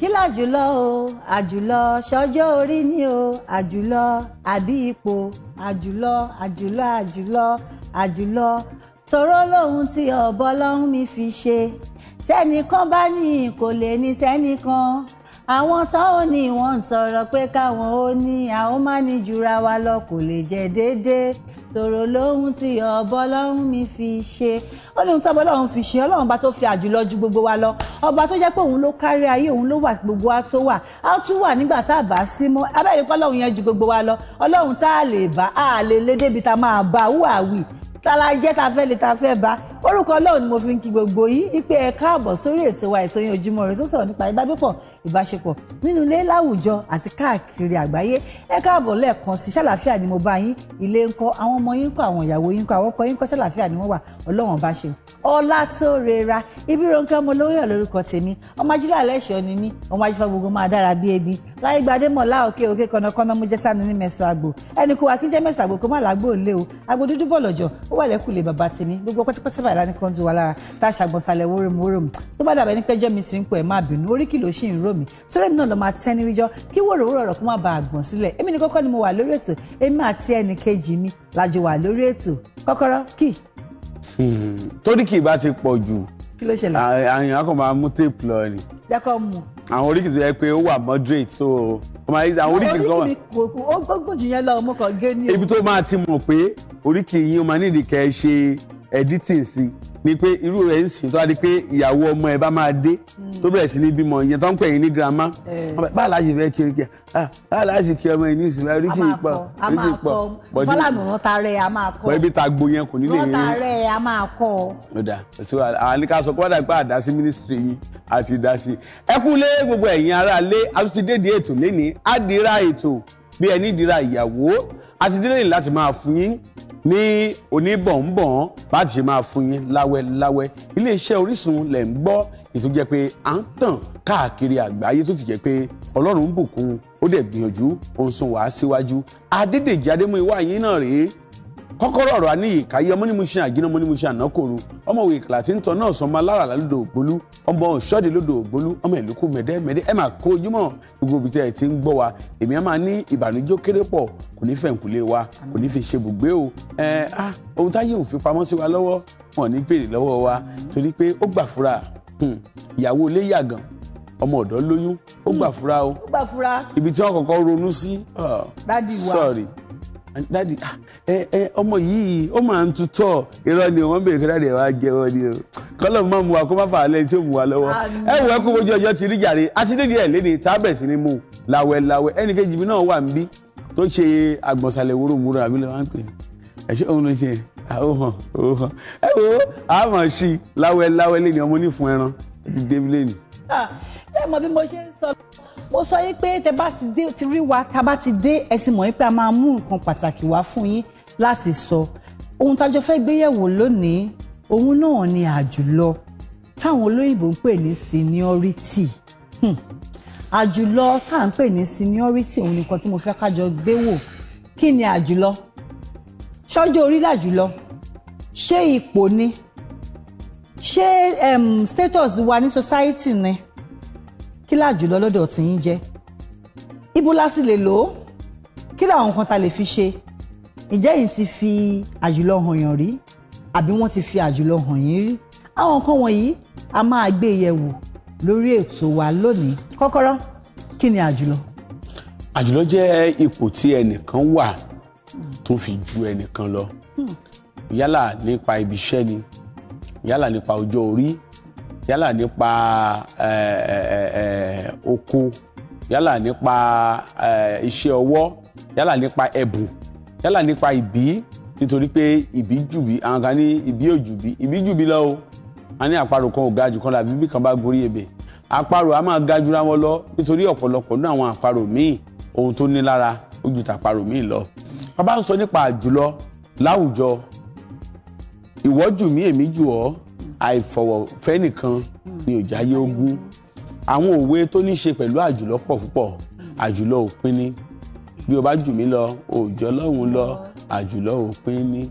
kí làjùlọ o àjùlọ ṣọjọ́ orí ni o àjùlọ àbí ipò àjùlọ àjùlọ àjùlọ àjùlọ tòró lòun tí ọ̀bọ lọ́hún mi fi ṣe tẹnìkan bá ní kò lè ní tẹnìkan àwọn tán ò ní wọ́n ń tọrọ pé káwọn ó ní àwọn má ní jura wa lọ kò lè jẹ́ déédéé tòrò lóhun tí ọbọ ọlọ́run mi fi ṣe ó ní ohun tí ọbọ fi ṣe ọlọ́run bá tó fi àjùlọ ju gbogbo wa lọ ọba tó jẹ́ pé òun ló kárí ayé òun ló wà gbogbo wa tó wà á tún wà nígbà tá a bá sí mọ́ abẹ́rẹ́ pé ọlọ́run yẹn ju gbogbo wa lọ ọlọ́run tá a lè bá a lè lé débi tá a máa bá wúwà wì tala jẹ́ ta fẹ́ lè ta fẹ́ bá orúkọ Ọlọ́run ni mo fi ń kí gbogbo yìí ipe ẹ káàbọ̀ sórí ètò wa ètò yẹn Ojúmọ́ Ire tó sọ̀rọ̀ nípa ìbágbépọ̀ ìbáṣepọ̀ nínú ilé láwùjọ àti káàkiri àgbáyé ẹ káàbọ̀ lẹ́ẹ̀kan sí ṣàlàfíà ni mo bá yín ilé ńkọ́ àwọn ọmọ yín kọ́ àwọn ìyàwó yín kọ́ àwọn ọkọ yín kọ́ ṣàlàfíà ni wọ́n wà Ọlọ́run bá ṣe ọlá tó rera ibi ronke mo lórí ẹ lórúkọ tèmi ọmọ ajílẹ ni mí ọmọ ajífà gbogbo máa dára mo jẹ sánú ní mẹsàn àgbò ẹnì kò wá kí jẹ mẹsàn àgbò kó má làgbò lé o àgbò ó wà lẹ́kùlé bàbá tèmi gbogbo pẹ́tẹ́pẹ́tẹ́ báyìí lánìí kan ju wa lára tá a ṣàgbọ̀n salẹ̀ wóremù wóremù tó bá dàbẹ́ ní pẹ́jọ́ mi ti ń pọ̀ ẹ̀ máa bínú orí kì ló ṣì ń rò mí sórí èmi náà lọ́ máa tẹ́ níríjọ́ kí wòrò wòrò ọ̀rọ̀ kó má bàa gbọ̀n sílẹ̀ èmi ni kọ́kọ́ ni mo wà lórí ètò èmi àti ẹnì kejì mi lájọ wà lórí ètò kọ́kọ́rọ́ kì. torí kì bá ti pọ̀ jù kí ló ṣẹlẹ̀ àwọn oríkì tó yẹ pé ó wà moderate so àwọn oríkì kan wà. oríkì mi kò kú ó gbógun jù yẹn lọ ọmọ kan gé ní. ibi tó máa ti mọ̀ pé oríkì yín ó máa nídìí kẹ́ ẹ ṣe editing sí i ni pé irú rẹ̀ ń sìn tó wá di pé ìyàwó ọmọ ẹ bá máa dé tó bẹ̀rẹ̀ sí ní bímọ ìyẹn tó ń pè yín ní girama eh. báà láti fẹ́ kiri kí ah, báà láti kí ọmọ yìí ní ìsinmi oríṣi ìpọ̀ oríṣi ìpọ̀ bọ́dí fọlànà wọn ta rẹ̀ a máa kọ́ ẹbí ta gbo yẹn kò ní lè yẹn wọn ta rẹ̀ a máa kọ́ ọ. ọ̀dà òtún àwọn ní ká sọ pé wọ́n dà pé àdásí mínísítírì yìí àti ìdásí ẹ kú lé gbogbo ẹ̀yin ará lé àtúntí dédé ètò lénìí dira ètò bí ẹni dira ìyàwó àti dínlẹ́yìn ní oníbọ̀nbọ̀n bá ti ṣe máa fún yín láwẹ́láwẹ́ iléeṣẹ́ Orísun lẹ̀ ń gbọ́ ètò jẹ́ pé à ń tàn káàkiri àgbáyé tó ti jẹ́ pé Ọlọ́run bùkún ó dẹ̀ gbìyànjú ó ń sún wá síwájú Adédèjì Adémúyìwá yín náà rèé kọ́kọ́rọ́ ọ̀rọ̀ àní ìkàyé ọmọ ní mo ṣe àjínà ọmọ ní mo ṣe ànákòrò ọmọ òwe ìkàlà tí ń tọ́ náà sọmọ alára lódò ògbólú ọmọ òṣọ́dẹ lódò ògbólú ọmọ ìlúkù mẹ̀dẹ́mẹ̀dẹ́ ẹ máa kó ojúmọ́ gbogbo ibi tẹ́ ẹ ti ń gbọ́ wa èmi á máa ní ìbànújẹ́ kéré pọ̀ kò ní fẹ̀ǹkùlé wa kò ní fi ṣe bùgbé o ohun táyé ò fi pamọ́ sí wa lọ́wọ́ wọn ní béèrè lọ́wọ́ wa torí pé ó gbà fúra hmm, ìyàwó ilé yàgàn ọmọ ọ̀dọ́ lóyún ah, sorry dadi ẹ ẹ ọmọ yìí ó máa ń tutọ́ irọ́ ni wọ́n béèrè dadi ẹ wá jẹ wọn ni o kọlọ máa mu wa kó má fà á lẹ́yìn tí ó mu wa lọ́wọ́ ẹ wọ ẹ kó bójú ọjọ́ ti rí jàre àtidédi ẹ léde tábẹsì ni mu làwẹ làwẹ ẹnì kejì mi náà wà ń bí tó ṣe àgbọ̀nsálẹ̀ wúrò wúrò àbí lè wá pè ẹ ṣé òun ló ṣe àhóhàn òhàn ẹ wo àmọ̀ sí làwẹ làwẹ lẹ́ni ọmọ onífun ẹran ti dé lẹ́ni. Ah, ẹ mọ bí mo ṣe ń sọ mo sọ yín pé tẹ bá ti dé ti rí wa tá a bá ti dé ẹ ti mọ̀ yín pé a máa mú nǹkan pàtàkì wá fún yín láti sọ ohun tájọ fẹ́ gbéyẹ̀wò lónìí òun náà ni àjùlọ táwọn olóyìnbó ń pè ní seniority hmm. àjùlọ tá à ń pè ní seniority òun nìkan tí mo fẹ́ kájọ gbé wò kí ni àjùlọ ṣọ́jọ́ orí làjùlọ ṣé ipò ni ṣé status wa ní society ni kí láàjùlọ lọ́dọ̀ tí yín jẹ́ ibo la sì lè lò ó kí làwọn nǹkan ta lè fi ṣe ǹjẹ́ yìí ti fi àjùlọ hàn yàn rí àbí wọ́n ti fi àjùlọ hàn yín rí àwọn nǹkan wọ̀nyí a máa gbé e yẹ̀wò lórí ètò wa lónìí kọ́kọ́rọ́ kí ni àjùlọ. àjùlọ jẹ́ ipò tí ẹnìkan wà tó fi ju ẹnìkan lọ hmm. yálà nípa ibi ni yálà nípa ọjọ́ orí yálà nípa ẹ ẹ Eh, oko yálà nípa eh, iṣẹ́ ọwọ́ yálà nípa ẹ̀bùn yálà nípa ìbí nítorí pé ìbí jùbí àwọn kan ní ìbí òjùbí ìbí jùbí lọ o a ní àparò kan ò ga jù kan làbí bí kan bá gorí ebè àparò a máa ga jura wọn lọ nítorí ọ̀pọ̀lọpọ̀ ní àwọn àparò míì ohun tó ní lára ó ju tàparò míì lọ bàbá ń sọ nípa àjùlọ láwùjọ ìwọ́jù mí èmi jù ọ́ àìfọ̀wọ̀fẹ́ nìkan ni ò jáyé ogún àwọn òwe tó ní ṣe pẹ̀lú àjùlọ pọ̀ púpọ̀ àjùlọ òpin ni bí o bá jù mí lọ òòjọ́ lọ́hùn lọ àjùlọ òpin ni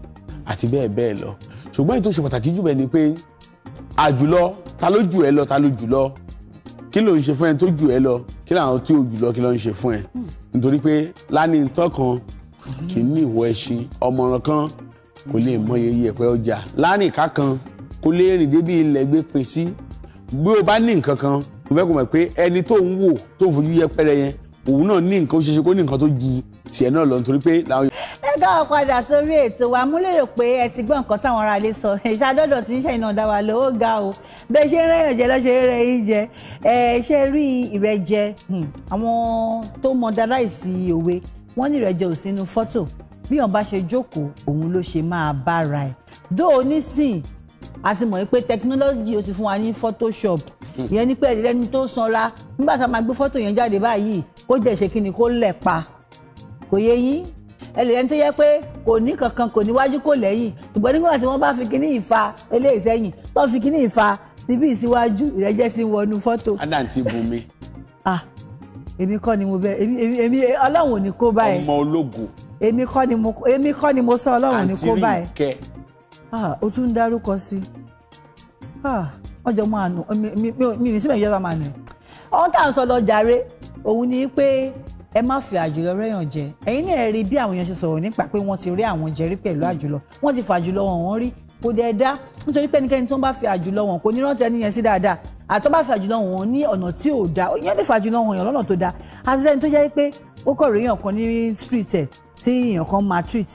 àti bẹ́ẹ̀ bẹ́ẹ̀ lọ ṣùgbọ́n èyí tó ṣe pàtàkì jù bẹ́ẹ̀ ni pé àjùlọ ta ló jù ẹ lọ ta ló jù lọ kí ló ń ṣe fún ẹ tó jù ẹ lọ kí làwọn tí ò jù lọ kí ló ń ṣe fún ẹ nítorí pé lánìí tọkàn kì í ní ìwọ ẹṣin ọmọràn kan kò lè mọ iye ẹ̀pẹ́ ọjà lánìí ká kan kò lè rìn débi ilẹ̀ gbé pin sí bí o bá ní nǹkan kan mo fẹ́ kó mọ̀ pé ẹni tó ń wò tó ń fojú yẹpẹrẹ yẹn òun náà ní nǹkan ó ṣeéṣe kó ní nǹkan tó ju tiẹ̀ náà lọ nítorí pé làwọn. ẹ káwọn padà sórí ètò wa mú lérò pé ẹ ti gbọ́ nǹkan táwọn ará ilé sọ ìṣàdọ́dọ̀ tí ń ṣe ìnà dáwà lówó ga o bẹ́ẹ̀ ṣe ń rẹ́yàn jẹ lọ́ṣẹ́ rẹ̀ yín jẹ ẹ ṣe rí ìrẹ́jẹ hmm, àwọn tó mọ dáláìsí òwe wọ́n ní ìrẹ́jẹ ò sínú fọ́tò bí wọn bá ṣe jókòó òun ló ṣe máa bára ẹ̀ dóò nísìn àti mọ̀ pé tẹkinọ́lọ́jì ó ti fún wa ní photoshop ìyẹn ní pé ẹ̀rí rẹ́ni tó sanra nígbà tá a máa gbé fọ́tò yẹn jáde báyìí kó jẹ́ ṣe kí ni kó lẹ̀ pa kò yé yín ẹlẹ́ rẹ́ni tó yẹ pé kò ní kankan kò níwájú kò lẹ́yìn ṣùgbọ́n nígbà tí wọ́n bá fi kíní ìfa eléyìí sẹ́yìn tó fi kíní ìfa síbí ìsíwájú ìrẹ́jẹ́ sí wọnú fọ́tò. adanti bumi. ah èmi kọ́ ni mo bẹ èmi èmi ọlọ́run ò ní kó báyìí. ọmọ ológo. èmi kọ́ ni mo èmi kọ́ ni mo sọ ọlọ́run ò ní kó báyìí. àǹtí rí kẹ. ah o tún ń dárúkọ sí i. ah wọ́n jọ máa nù mi ní síbẹ̀ ìjọba máa nù ọ̀hún tá à ń sọ lọ jàre òun ni pé ẹ má fi àjùlọ rẹ́yàn jẹ ẹ̀yin náà rí bí àwọn èèyàn ṣe sọ̀rọ̀ nípa pé wọ́n ti rí àwọn jẹ́rí pẹ̀lú àjùlọ wọ́n ti fàjùlọ wọn wọ́n rí kò dẹ̀ dá nítorí pé ẹnikẹ́ni tó ń bá fi àjùlọ wọn kò ní rántí ẹni yẹn sí dáadáa àtọ́ bá fi àjùlọ wọn ní ọ̀nà tí ò dáa yẹn lè fàjùlọ wọn yàn lọ́nà tó dáa àtìlẹ́yìn tó jẹ́ pé ó kọ̀ rí èèyàn kan ní street ẹ̀ tí èèyàn kan máa treat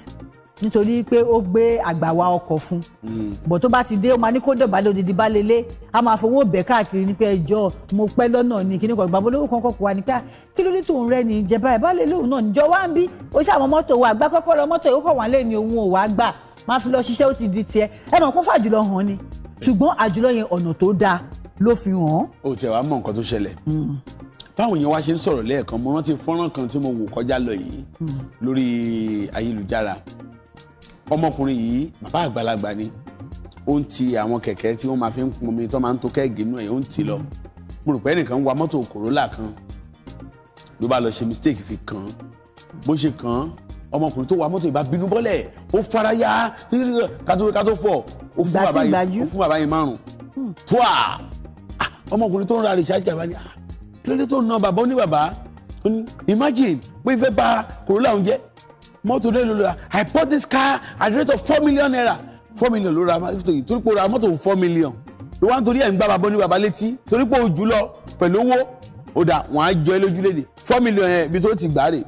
nítorí pé ó gbé àgbàwá ọkọ̀ fún un hmm. bọ̀ tó bá ti dé ó máa ní kó dọ̀bálẹ̀ odidi bá lélẹ̀ a máa fowó bẹ̀ káàkiri ní pé ẹjọ́ mo pẹ́ lọ́nà ni kí ni kò gbàgbọ́ lówó kankan kò wá ní pé ah, kí ló dé tó ń rẹ́ ni ìjẹba ẹ̀ bá lè lóun náà níjọ wá ń bí ó ṣàwọn mọ́tò wa àgbá kọ́kọ́rọ́ mọ́tò yóò kàn wá lé ní òun ò wá gbà máa fi lọ ṣiṣẹ́ ó ti di tiẹ̀ ẹ mọ̀ kó fàjùlọ hàn ni ṣùgbọ́n àjùlọ yẹn ọ̀nà tó dáa ló fi hàn. o tẹ wàá mọ nǹkan tó ṣẹlẹ̀ hmm. táwọn èèyàn wá ṣe ń sọ̀rọ̀ lẹ́ẹ̀kan mo rántí fọ́nrán kan tí mo wò kọjá lọ yìí hmm. lórí ayélujára ọmọkùnrin yìí bàbá àgbàlagbà ni ó ń ti àwọn kẹ̀kẹ́ tí wọ́n máa fi ń pọnmi tó máa ń tó kẹ́ẹ̀gì inú ẹ̀ ó ń tì lọ mo rò pé ẹnìkan wa mọ́tò Corolla kan ló bá lọ ṣe mistake fi kàn án bó ṣe kàn án ọmọkùnrin tó wa mọ́tò ìbá bínú bọ́lẹ̀ ó fara ya kátó kátó fọ̀ ó fún bàbá yìí ó fún bàbá yìí márùn tóà ọmọkùnrin tó ń ra research kàbá ni kí ló dé tó ń ná bàbá ó ní bàbá imagine pé ìfẹ́ bà Corolla òun jẹ́ mọ́tò lè lò lò I bought this car at the rate of four million naira four million ló ra mọ́tò yìí torí pé o ra mọ́tò four million ló wá ń torí ẹ̀ ń gbá bàbá ní bàbá létí torí pé o jù lọ pẹ̀lú owó ó dà wọ́n á jọ ẹ́ lójú léde four million yẹn ibi tó ti gbà rè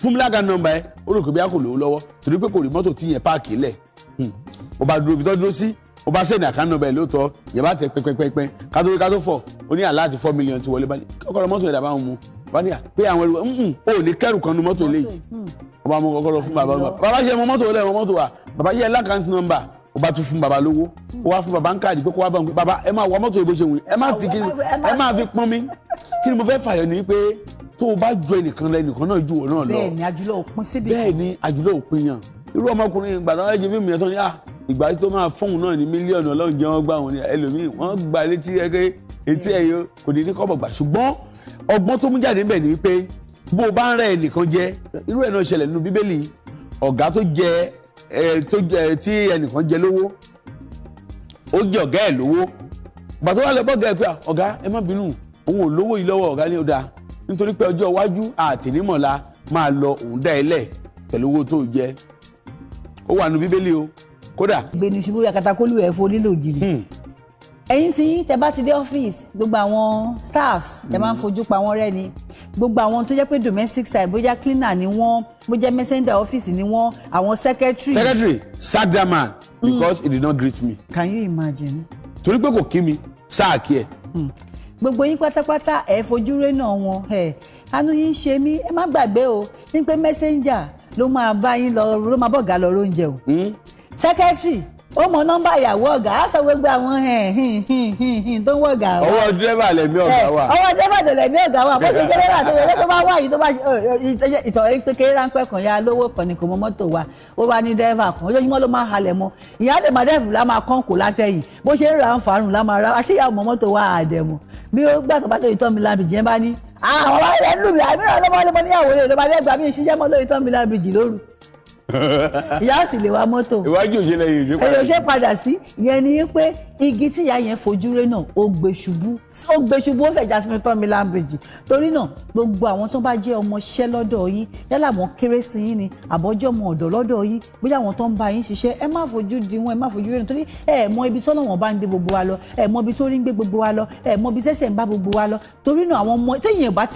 fún bíláàgà nọ́mbà ẹ ó rò pé bí a kò lówó lọ́wọ́ torí pé kò rí mọ́tò tí yẹn páàkì lẹ̀ ó hmm. bá dúró ibi tó dúró sí ó bá sẹ́ni àká nọ́mbà ẹ lóòótọ́ yẹn bá tẹ pẹ́pẹ́pẹ́pẹ́ kátó kátó fọ̀ ó four million ti wọlé bá ní kọ́kọ́rọ́ mọ́tò yẹn dàbá wọn mu wọ́n ní pé àwọn ẹrù mm, mm, ò ní kẹ́rù kan nu mọ́tò eléyìí mm. ọba mo kọ́kọ́ lọ fún bàbá mi bàbá ṣe mọ mọ́tò lẹ́yìn mọ́tò wa bàbá yẹ lákàntì nọ́mbà ó bá tún fún bàbá lówó ó wá fún bàbá ń káàdì pé kó wá bá ń pè bàbá ẹ máa wọ mọ́tò ìbò ṣe wù ẹ máa fi kiri ẹ máa fi pọ́n mi kí ni mo fẹ́ fàyọ ni pé tó o bá jọ ẹnìkan lọ ẹnìkan náà ju òun náà lọ bẹ́ẹ̀ ni àjùlọ òpin síbi bẹ́ẹ̀ ni àjùlọ òpin yàn irú ọmọkùnrin ìgbà tó wáyé jẹ fíìmù yẹn tán ni ah ìgbà tó máa fóun ọgbọ́n tó mú jáde níbẹ̀ ni wípé bó o bá ń rẹ́ ẹnìkan jẹ irú ẹ̀ náà ṣẹlẹ̀ nínú bíbélì ọ̀gá tó jẹ tí ẹnìkan jẹ lówó ó jẹ ọ̀gá ẹ̀ lówó gbàtọ́ wà lọ́gbọ́ ọ̀gá ẹ̀ pé ọ̀gá ẹ má bínú òun ò lówó yìí lọ́wọ́ ọ̀gá ní ọ̀dà nítorí pé ọjọ́ iwájú àtẹ̀nímọ̀lá máa lọ òun dá ẹ lẹ̀ pẹ̀lú owó tó jẹ ó wà nù bíbélì o kódà. ìgbéni ṣubú yakata kólú ẹ̀ fo nílò òjìlì. Hmm ẹ̀yin tí tẹ bá ti dé ọ́fíìsì gbogbo àwọn staffs tẹ máa ń fojú pa wọ́n rẹ́ ni gbogbo àwọn tó jẹ́ pé domestic side bóyá cleaner ni wọ́n bójá messenger ọ́fíìsì ni wọ́n àwọn secretary. secretary sack that man mm. because mm. he did not greet me. can you imagine. torí pé kò kí mi sáàkì ẹ. Mm. gbogbo yín pátápátá ẹ fojú rẹ náà wọn ẹ anú yín ṣe mí ẹ má gbàgbé o ní pé messenger ló máa bá yín lọ ló máa bọ̀ gà lọ lóúnjẹ o mm. secretary ó mọ nọ́mbà ìyàwó ọ̀gá á sọ gbogbo àwọn tó ń wọ ọ̀gá wa. ọwọ́ dírẹ́bà lẹ̀mí ọ̀gá wa. ọwọ́ dírẹ́bà tó lẹ̀mí ọ̀gá wa bó ṣe dírẹ́bà tó yẹ tó bá wà yìí tó bá ìtọ̀rẹ́ kékeré ráńpẹ́ kan ya lówó kan ni kò mọ mọ́tò wa ó bá ní dírẹ́bà kan ojoojúmọ́ ló máa halẹ̀ mọ́ ìyá lè máa dẹ́fù láma kán kò látẹ̀yìn bó ṣe ń ra ń farun láma ra àṣeyà mọ́ mọ́tò wa àdẹ̀mọ́ bí ó gbàtọ̀ bá tó ìtọ́ mi lábì jẹ́ bá ní ah, àwọn ọmọ ilẹ̀ ń lù mí àmì ìyá ò sì lè wa mọ́tò iwájú òṣè lẹ́yìn òṣè padà sí òṣè padà sí ìyẹn ni pé igi tí ìyá yẹn fojú rẹ náà ó gbé ṣubú ó gbé ṣubú ó fẹ̀jà sínú tọ́mi lámbèjì torí náà gbogbo àwọn tó bá jẹ́ ọmọọṣẹ́ lọ́dọ̀ yín yálà àwọn kérésì yín ni àbọ̀jọ́ ọmọ ọ̀dọ̀ lọ́dọ̀ yín bóyá àwọn tó ń bá yín ṣiṣẹ́ ẹ má fojú di wọn ẹ má fojú rẹ nítorí ẹ mọ ibi tó lọ́wọ́n bá ń gbé gbogbo wa lọ ẹ mọ ibi tó rí ń gbé gbogbo wa lọ ẹ mọ ibi sẹ́sẹ̀ ń bá gbogbo wa lọ torí náà àwọn ọmọ tó yìnbọn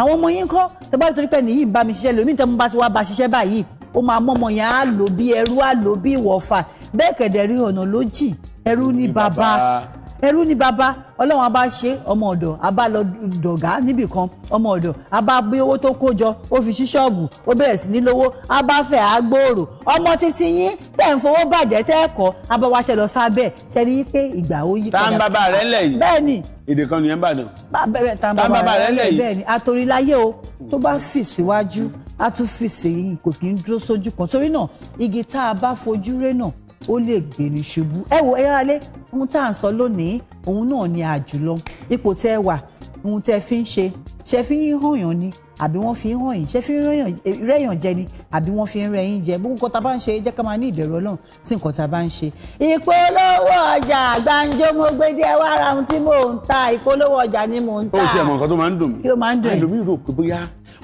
àwọn ọmọ yín kọ́ tẹ bá torí pé nìyí ń bá mi ṣiṣẹ́ lómi tẹ́ mo bá ti wá ba ṣiṣẹ́ báyìí ó máa mọ́mọ yẹn á lò bí ẹrú á lò bí ìwọ̀fà bẹ́ẹ̀ kẹ̀dẹ̀ rí ọ̀nà ló ẹrú ní bàbá ẹrú ni baba? ọlọ́run abá ṣe ọmọ ọ̀dọ̀ abá lọ dọ̀gá níbì kan ọmọ ọ̀dọ̀ abá bí owó tó kó jọ ó fi ṣí ṣọ́ọ̀bù ó bẹ̀rẹ̀ sí ní lówó abá fẹ́ àgbòòrò ọmọ títí yín tẹ̀ ń fowó bàjẹ́ tẹ́ẹ̀kọ́ abáwáṣẹ́ lọ sábẹ́ ṣe ni pé ìgbà ó yí padà. tá ń bàbá rẹ lẹ yìí bẹ́ẹ̀ ni èdè kan nìyẹn bàdàn. tá ń bàbá rẹ lẹ yìí bẹ́ẹ̀ ni àtòríláyé o tó bá fì síwájú á tún fì sí kò kí ń dúró sójú kan torí náà igi tá a bá fojú rẹ náà ó lè gbèrú ṣubú ẹ wo ẹyọ alẹ ohun tá à ń sọ lónìí òun náà ni àjùlọ ipò tẹ ẹ wà ohun tẹ fi ń ṣe ṣe fi ń hàn yàn ni àbí wọ́n fi ń hàn yín ṣe fi ń eh, rẹ́yàn jẹ ni àbí wọ́n fi ń rẹ́ jẹ gbogbo nǹkan tá a bá ń ṣe jẹ́ ká máa ní ìbẹ̀rù Ọlọ́run tí nǹkan tá a bá ń ṣe. ìpolówó ọjà gbàǹjo mo gbé díẹ̀ wá ara ohun tí mò ń ta ìpolówó ọjà ni mò ń ta. ó ti ẹ̀ mọ̀ nǹkan tó máa ń dùn mí. kí ló máa ń dùn ẹ̀. ẹlòmíràn rò pé bóyá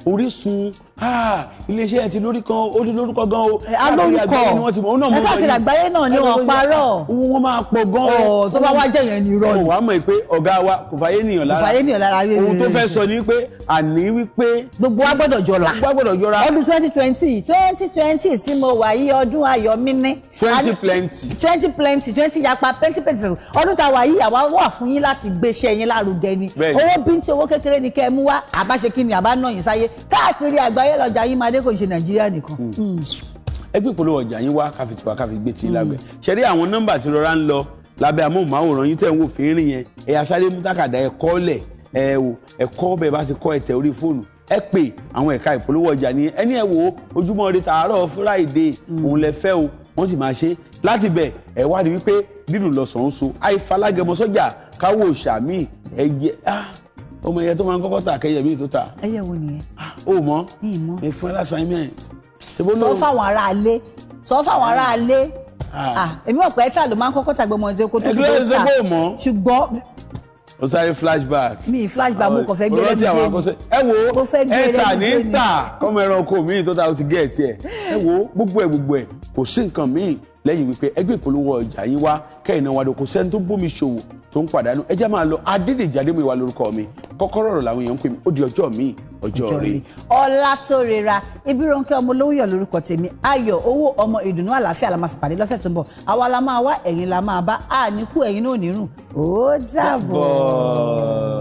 orísun Ah, iléeṣẹ́ ẹ̀ ti lórí kan ó ti lórúkọ gan o. Eh, alórúkọ ẹ káàkiri àgbáyé náà ni wọ́n parọ́. owó wọn máa pọ̀ gan o. Oh, tó bá wá jẹ́ yẹn ni irọ́ ni. wàá mọ̀ pé ọ̀gá wa kò fàyè nìyàn lára kò fàyè nìyàn lára rere. ohun tó fẹ́ sọ ni pé àní wípé. gbogbo wa gbọ́dọ̀ jọra. gbogbo wa gbọ́dọ̀ jọra. ọdún twenty twenty twenty twenty tí mo wà yí ọdún ayọ̀ mi ní. twenty plenty. twenty plenty twenty yapa plenty plenty ọdún tá a wà yí àwa wà fún yín láti gbéṣẹ́ yín ni. owó bíntì owó kékeré ni kẹ́ ẹ mú àgbáyé lọ́jà yín máa dé kò ń ṣe nàìjíríà nìkan. Hmm. Hmm. ẹ gbé ìpolówó ọjà yín wá káfi tiwa káfi gbé tí lágbẹ hmm. ṣe rí àwọn nọ́mbà tí rọra ń lọ lábẹ́ amóhùnmáwòrán yín tẹ̀ ń wò fínrin yẹn ẹ̀yà sáré mú tákàdá ẹ̀ kọ́lẹ̀ ẹ̀ wò ẹ̀ kọ́ bẹ́ẹ̀ bá ti kọ́ ẹ̀tẹ̀ orí fóònù ẹ pè àwọn ẹ̀ka ìpolówó ọjà ní ẹni ẹ̀ wò ojúmọ́ ire tààrọ̀ friday òun lẹ fẹ́ o wọ́n sì máa ṣe láti bẹ̀ ẹ̀ wádìí wípé dídùn lọ́sàn án so àìfalágẹmọ sọ́jà káwọ́ òṣàmì ẹ̀yẹ ah, ọmọ ẹ̀yẹ tó máa ń kọ́kọ́ tà kẹyẹ mi tó tà. ẹyẹ wo nìyẹn o mọ mi fún ẹ lásàmìyàn. sọ fáwọn ará ilé sọ fáwọn ah. ará ilé ah. ah, èmi mọ̀ pé ẹ̀ta ló máa ń kọ́kọ́ tàgbé ọmọ ẹ̀dẹ́ kó tó dúró ta ṣùgbọ́n. o sáré flashback. mi flashback mo kàn fẹ́ gbé lẹ́nu jẹ́ ẹ wo ẹ̀ta ní ta ọmọ ẹranko mi tó ta o ti gé ẹ̀ tiẹ̀ ẹ wo gbogbo ẹ̀ gbogbo ẹ̀ kò sí nǹkan míì lẹ́yìn wípé ẹgbẹ́ ìpolówó ọjà yín wá kẹ́yìn náà wá dọ̀ kò sẹ́ni tó bómi ṣòwò tó ń pàdánù ẹ jẹ́ máa lọ Adédèjì Adémúyìwá lórúkọ mi kọ́kọ́rọ́ ọ̀rọ̀ làwọn èèyàn ń pè mí ó di ọjọ́ míì ọjọ́ rí ọlátórera ibironke ọmọlówóyọ̀ lórúkọ tèmi ayọ̀ owó ọmọ ìdùnnú àlàáfíà la máa fi pàdé lọ́sẹ̀ tó ń bọ̀ àwa la máa wá ẹ̀yin la máa bá àníkù ẹ̀yin náà nírùn ó dàbọ̀.